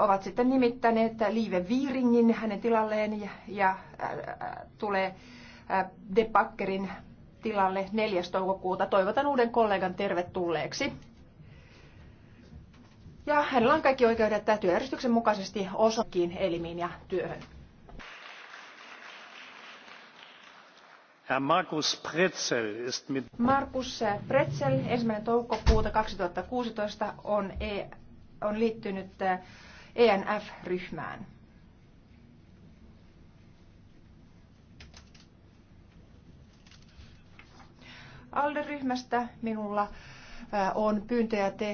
ovat sitten nimittäneet Liive Viiringin hänen tilalleen ja tulee De Packerin tilalle 4. toukokuuta. Toivotan uuden kollegan tervetulleeksi. Ja hänellä on kaikki oikeudet työjärjestyksen mukaisesti osakin elimiin ja työhön. Herr Markus Pretzel ist mit... Markus Pretzel, 1. toukokuuta 2016, on e on liittynyt äh, ENF-ryhmään. Alderyhmästä ryhmästä minulla äh, on pyyntöjä tehdä.